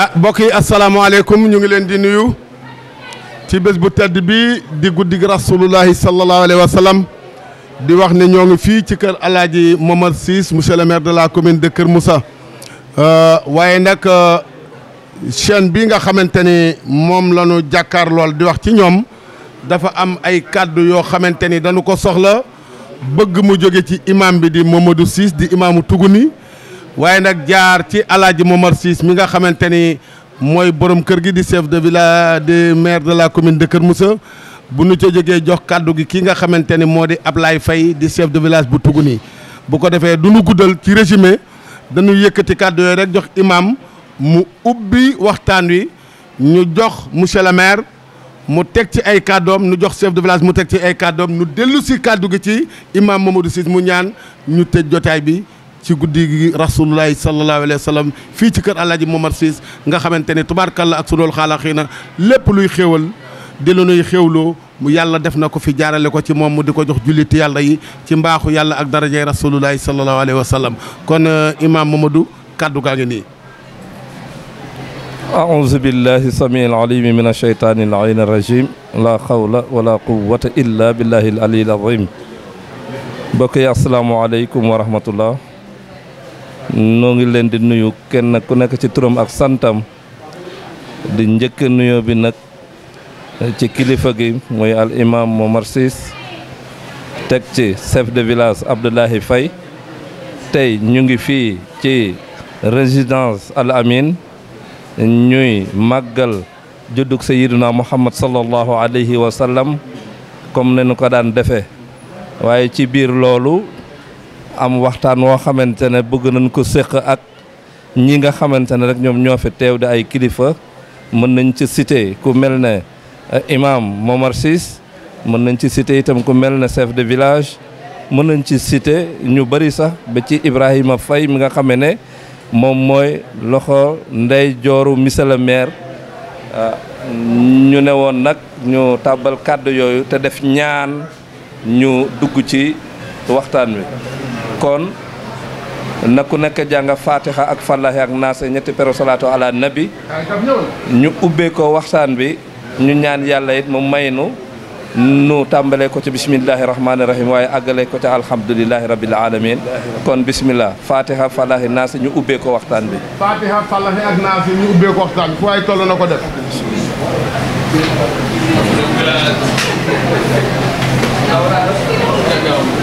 ah mbokk yi asalaamaaleykum ñu ngi leen di nuyu ci bés bu tedd bi di guddig rasulullahi sallallahu alayhi wa sallam di wax ne ñoo ngi fii ci kër alaaji Momar Ciss monsieur le maire de la commune de Kër Moussa euh, waaye nag euh, chaîne bi nga xamante ni moom la ñu jàkkaar lool di wax ci ñoom dafa am ay kàddu yoo xamante ni dañu ko soxla bëgg mu jóge ci imam bi di Mamadou Ciss di imaamu Tuguni waaye nag jaar ci alaaji Momar Ciss mi nga moi borom kergi di chef de village de maire de la commune de Kër Moussa bu nu ca jógee jox ki nga di di chef de village bu Tuguni bu ko defee du nu guddal ci résumé dañu rek jox imam mu ubbi waxtaan wi ñu jox monsieur le maire mu teg ci ay kàddoom jox chef de village mu tekti ci ay kàddoom nu si ci imam Mamadou Ciss mu ñaan ñu bi ci guddigi rasulullah sallallahu alayhi wasallam fi ci keur Alaaji Momar sis nga xamante ne ak sunool khalaqina lépp luy xewal di la nuy xewlo mu yàlla def nako fi jaarale ko ci mom mu diko jox julit yàlla yi ci mbaxu yàlla ak daraje rasulullah sallallahu alayhi wasallam kon imam Mamadou kàddu gaa ngi nii أعوذ بالله السميع العليم من الشيطان اللعين الرجيم لا حول ولا قوة إلا بالله العلي العظيم بكي السلام عليكم ورحمة الله noo ngi leen di nuyu kenn ku nekk ci turam ak santam di njëkk nuyoo bi nag ci kilifa gi mooy al imam Momar teg ci chef de village Abdoulahi fay tey ñu ngi fii ci résidence Al Amine ñuy màggal juddug sayyiduna Muhammad sallallahu alayhi wa sallam comme ne nu ko daan defee waaye ci biir loolu am waxtaan woo xamante ne bëgg nañ ko séq ak ñi nga xamante ne rek ñoom ñoo fi teew di ay kilifa mën nañ ci cité ku mel na eh, imam Momar Ciss mën nañ ci cité itam ku mel na chef de village mën nañ ci cité ñu bari sax ba ci Ibrahima fay mi nga xame ne moom mooy loxo ndey jooru monsieur le ah, ñu ne woon nag ñu taabal kàddu yooyu te def ñaan ñu dugg ci waxtaan wi kon na ku nekk jàng fatiha ak fallahi ak naase ñetti pero salaatu ala nabi ñu ubbee ko waxtaan bi ñu ñaan yàlla it mu maynu nu nu ko ci bisimillahi rahmaani rahim waaye àggalee ko ca alhamdulilahi rabil alamin kon bisimilah fatiha fallahi naase ñu ubbee waxtaan bi fu waay toll na ko def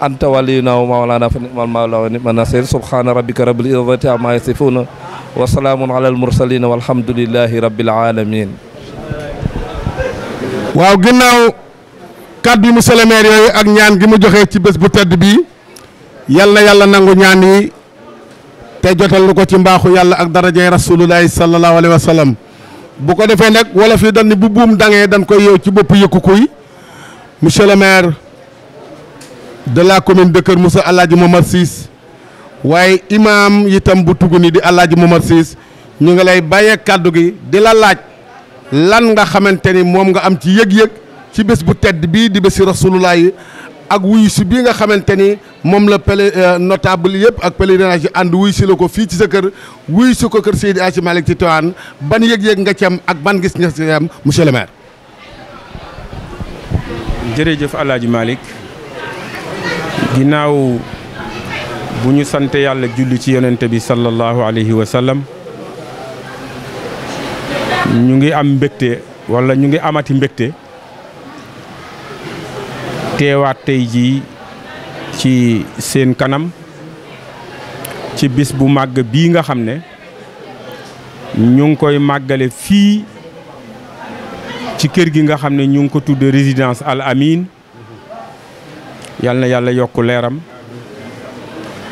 anta waliyuna wa mawlana fa ni'mal mawla wa ni'man nasir subhana rabbika rabbil izzati amma yasifuna wa salaamun ala almursalin walhamdulillahi rabbil alamin waaw ginnaaw kàddu yi monsieur le yooyu ak ñaan gi mu joxe ci bés bu tedd bii yal na yàlla nangu ñaan yi te jotal lu ko ci mbaaxu yàlla ak darajay rasulullahi sallallahu alayhi wa sallam bu ko defee nag wolof yi dañ bu buum dangee dañ koy yow ci bopp yëkku kuy monsieur le dalaa la commune de Kër Moussa El Hadj Momar Ciss waaye imaam itam bu Tuguni di El Hadj Momar Ciss ñu ngi lay bàyyee kàddu gi di la laaj lan nga xamante ni moom nga am ci yëg-yëg ci bés bu tedd bii di bési rasulullah yi ak wuyu si bii nga xamante ni moom la pele euh, notable yëpp ak pèlerinage yi ànd wuyu si la ko fii ci sa kër wuy si ko kër Seydi Aji Malick ci Tiwaawan ban yëg-yëg nga ci ak ban gis nga ci am monsieur le maire. jërëjëf El Hadj ginnaaw bu ñu sante yàlla julli ci yonent bi sallallahu alayhi wa sallam ñu ngi am mbégte wala ñu ngi amati mbégte teewaat tey jii ci seen kanam ci bis bu màgg bii nga xam ne ñu ngi koy màggale fii ci kër gi nga xam ne ñu ngi ko tudde résidence Al amiin yal na yàlla yokku leeram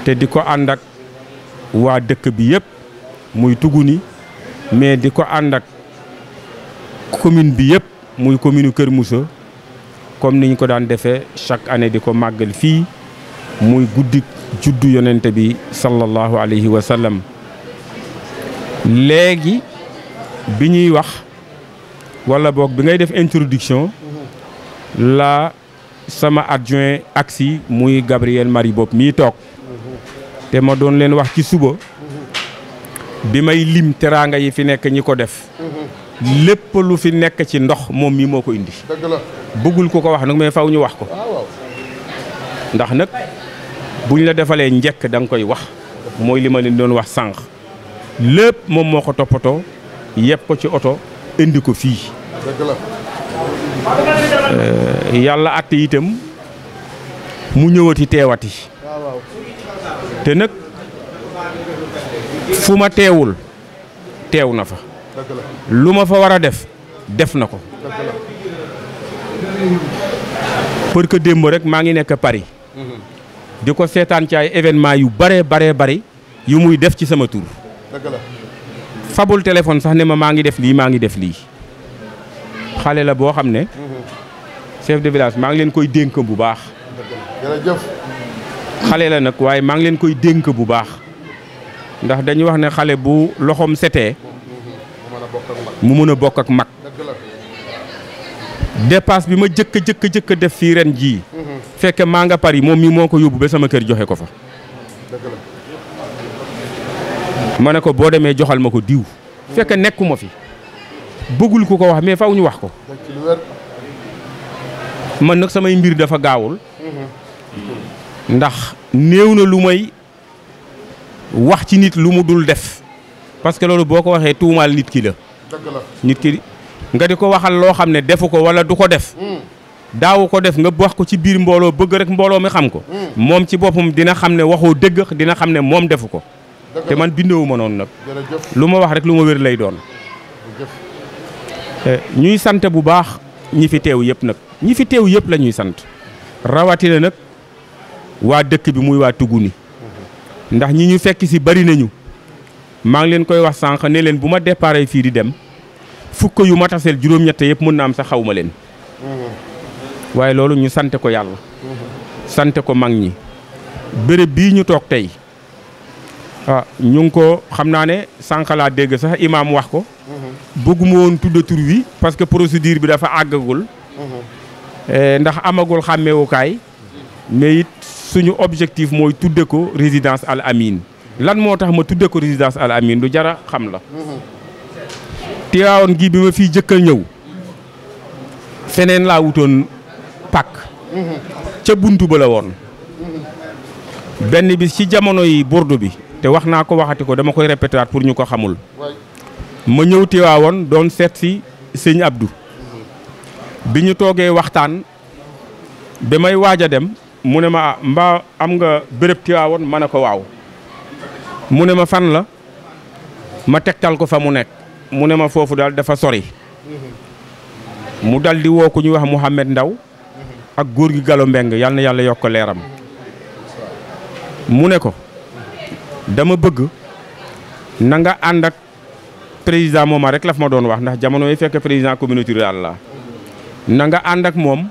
te di ko ànd ak waa dëkk bi yëpp muy ni mais di ko ànd ak commune bi yëpp muy commune Kër Moussa comme niñ ko daan defee chaque année di ko màggal fii muy guddi juddu yonente bi sallallahu alayhi wa sallam léegi bi ñuy wax wala boog bi ngay def introduction la sama adjoint aksi muy Gabriel Marie Bopp mii toog te ma doon leen wax ci suba bi may lim teraanga yi fi nekk ñi ko def lépp lu fi nekk ci ndox moom mii moo ko indi bëggul ku ko wax nag mais faw ñu wax ko ah, ndax nag buñ la defalee njëkk danga koy wax mooy li ma leen doon wax sànq lépp moom moo ko toppatoo yëpp ko ci oto indi ko fii Euh, yàlla àtte itam mu ñëwati teewati te nag fu ma teewul teew na fa lu ma fa war a def def na ko parce que démb rek maa ngi nekk pari di ko seetaan ci ay événement yu bare bare bari yu muy def ci sama tur fabul téléphone sax ne ma maa ngi def lii maa ngi def lii xale la boo xam ne. chef de village maa ngi leen koy dénk bu baax. jërëjëf. xale la nag waaye maa ngi leen koy dénk bu baax ndax dañuy wax ne xale bu loxoom setee mu mën a bokk ak mag. dépasse bi ma jëkk jëkk jëkk def fii ren jii. fekke maa nga Paris moom mii moo ko yóbbu ba sama kër joxe ko fa. ma ne ko boo demee joxal ma ko diw. fekke nekkuma fi. bëggul ku ko wax mais faw ñu wax ko. man nag samay mbir dafa gaawul. ndax néew na lu may wax ci nit lu mu dul def parce que loolu boo ko waxee tuumaal nit ki la. nit nga di ko waxal loo xam ne defu ko wala du ko def. Hmm. daawu ko def nga wax ko ci biir mbooloo bëgg rek mbooloo mi xam ko. Hmm. moom ci boppam dina xam ne waxoo dëgg dina xam ne moom defu ko. te man bindewuma noonu nag. lu ma wax rek lu ma wér lay doon. Eh, ñuy sant bu baax ñi fi teew yëpp nag ñi fi teew yëpp la ñuy sant rawatina nag waa dëkk bi muy waa Tuguni ndax ñi ñu fekk si bari nañu maa ngi leen koy wax sànq ne leen bu ma déparé fii di dem fukk yu ma taseel juróom-ñett yëpp mën na am sax xaw ma leen waaye loolu ñu sante ko yàlla sant ko mag ñi béréb bii ñu toog tey ah ñu ngi ko xam naa ne sànq laa dégg sax imaam wax ko bëgguma tout de tout wi parce que procédure bi dafa àggagul eh, ndax amagul kay mais it suñu objectif moy tudde ko résidence Al amin lan motax ma tudde ko résidence Al amin du jara xam la tiawone gi bi ma fiy jëkkal la feneen laa wutoon pàkk ca buntu ba la won benn bi ci jamono yi bordu bi te waxna ko waxati ko dama koy répéter pour ñu ko xamul ma ñëw Tiwaawoon doon seet si sëñ Abdou bi ñu toogee waxtaan bi may waaj a dem mu ne ma ah, mba am nga béréb Tiwaawoon ma ne ko waaw mu ne ma fan la ma tegtal ko fa mu nekk mu ne ma foofu daal dafa sori mu dal di woo ku wax Mouhamed Ndaw ak góor gi Galo Mbeng yal na yàlla yokk leeram mu ne ko dama bëgg na nga ànd ak président mooma rek laf ma doon wax ndax jamono yi fekk président communauté rurale la na nga moom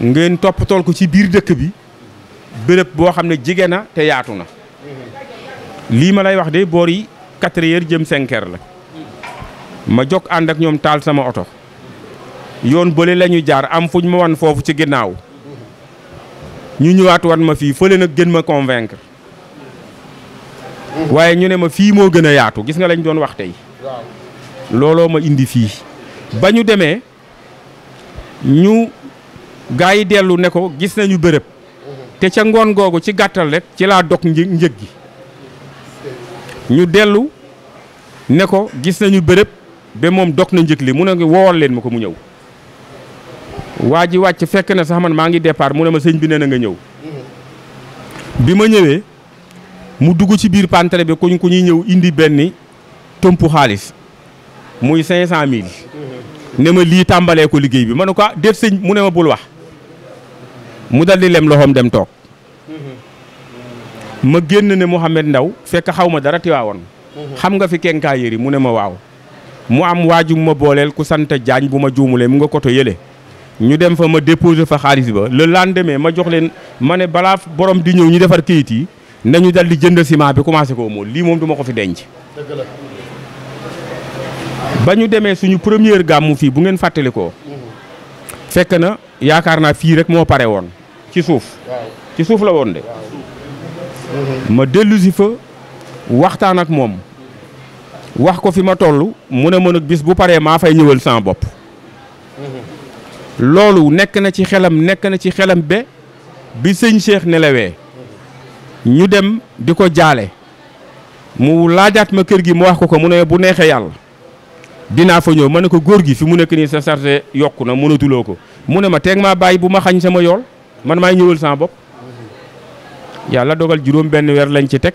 ngeen toppatool ko ci biir dëkk bi béréb boo xam ne jige na te yaatu na lii ma lay wax de boo yi quatre heures jëm cinq la ma jog ànd ñoom taal sama oto yoon bële la ñu jaar am fuñ ma wan foofu ci ginnaaw ñu ñëwaat wan ma fii fële nag gën ma convaincre waaye ñu ne ma fii moo gën a yaatu gis nga lañ doon wax tey looloo ma indi fii ba ñu demee ñu gaa yi dellu ne ko gis nañu bërëb mhm. te ca ngoon googu ci gàttal rek ci laa dog njëg gi ñu dellu ne ko gis nañu bërëb ba moom dog na njëg li mu ne woowal leen ma ko mu ñëw waa ji wàcc fekk na sax man maa ngi départ mu ne ma sëñ bi nee na nga ñëw mhm. bi ma ñëwee mu dugg ci biir pantere bi kuñ ku ñuy ñëw indi benn tëmpu xaalis muy cinq cent mille ne ma lii tàmbalee ko liggéey bi ma ne ko ah, déet sëñ mu ne ma bul wax mu dal di lem loxoom dem toog ma génn ne Mouhamed Ndaw fekk xaw ma waa tiwaawoon xam nga fi kenkaa yëri mu ne ma waaw mu am waajum ma booleel ku sant jaañ bu ma juumulee mu nga koto yële ñu dem fa ma déposé fa xaalis ba la laan demee ma jox leen ma ne balaa borom di ñëw ñu defar kayit yi nañu dal di jënd ciment bi commencé koo mool lii moom duma ko fi denc. ba ñu demee suñu première gàmmu fii bu ngeen fàttalikoo. fekk na yaakaar naa fii rek moo pare woon ci suuf. ci suuf la woon de. ma dellu si fa waxtaan ak moom. wax ko fi ma toll mu ne ma nag bis bu paree maa fay ñëwal sans bopp. Mm-hmm. loolu nekk na ci xelam nekk na ci xelam be bi sëñ Cheikh nelawee ñu dem di ko jaale mu laajaat ma kër gi mu wax ko ko mu ne bu neexee yàlla dinaa fa ñëw ma ne ko góor gi fi mu nekk nii sa charge yokku na mënatuloo ko mu ne ma teeg maa bàyyi bu ma xañ sama yool man maay ñëwal sama bopp yàlla dogal juróom benn weer lañ ci teg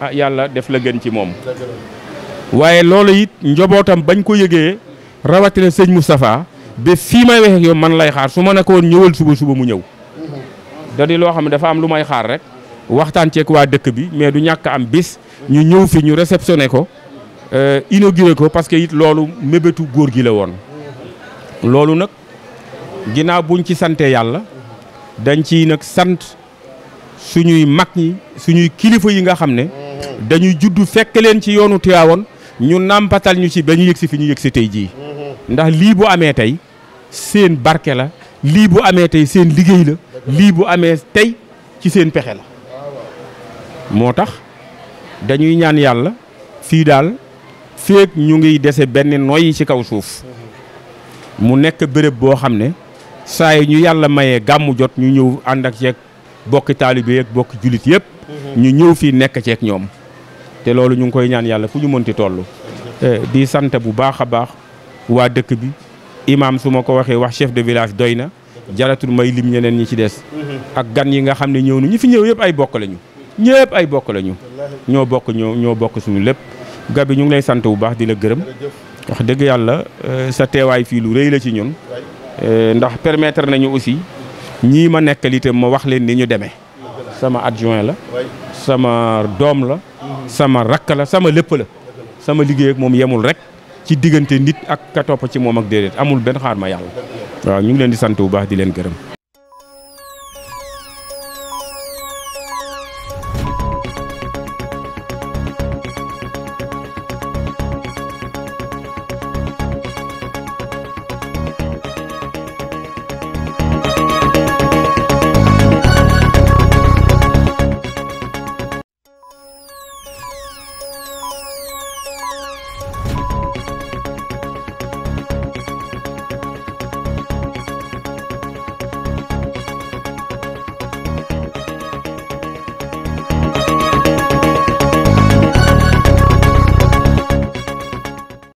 ah yàlla def la gën ci moom waaye loolu it njobootam bañ ko yëgee rawatina sëñ Moustapha ba fii may wax ak man lay xaar su ma nekkoon ñëwal suba suba mu ñëw da loo xam ne dafa am lu may xaar rek waxtaan ceeg waa dëkk bi mais du ñàkk am bis ñu ñëw fi ñu réceptionné ko euh, inauguré ko parce que it loolu mébétu góor gi la woon loolu nag ginnaaw buñ ci sante yàlla dañ ci nag sant suñuy mag ñi suñuy kilifa yi nga xam ne dañuy juddu fekk leen ci yoonu Tiwaawoon ñu nàmpatal ñu ci ba ñu yëg si fi ñu yëg si tey jii ndax lii bu amee tey seen barke la lii bu amee tey seen liggéey la lii bu amee tey ci seen pexe la moo tax dañuy ñaan yàlla fii daal féeg ñu ngi dese benn noyyi ci kaw suuf mu nekk béréb boo xam ne saa yi ñu yàlla mayee gàmmu jot ñu ñëw ànd ak ceeg bokki taalibe yeeg bokki julit yëpp mhm. ñu ñëw fii nekk ceek ñoom te loolu ñu ngi koy ñaan yàlla fu ñu mënti toll eh, di sant bu baax a baax waa dëkk bi imaam su ma ko waxee wax chef de village doy na jaratul may lim ñeneen ñi ci des mhm. ak gan yi nga xam ne ñëw nu ñu fi ñëw yëpp ay bokk lañu ñëpp ay bokk lañu ñoo bokk ñoo bokk suñu lépp Gabi ñu ngi lay sant bu baax di la gërëm wax dëgg yàlla euh, sa teewaay fii lu rëy la ci ñun euh, ndax permettre nañu aussi ñii ma nekkal itam ma wax leen ni ñu demee sama adjoint la sama doom la sama rakk la sama lépp la sama liggéey moom yemul rek ci diggante nit ak ka ci moom ak déedéet amul benn xaar ma yàlla waaw ñu ngi leen di sant bu baax di leen gërëm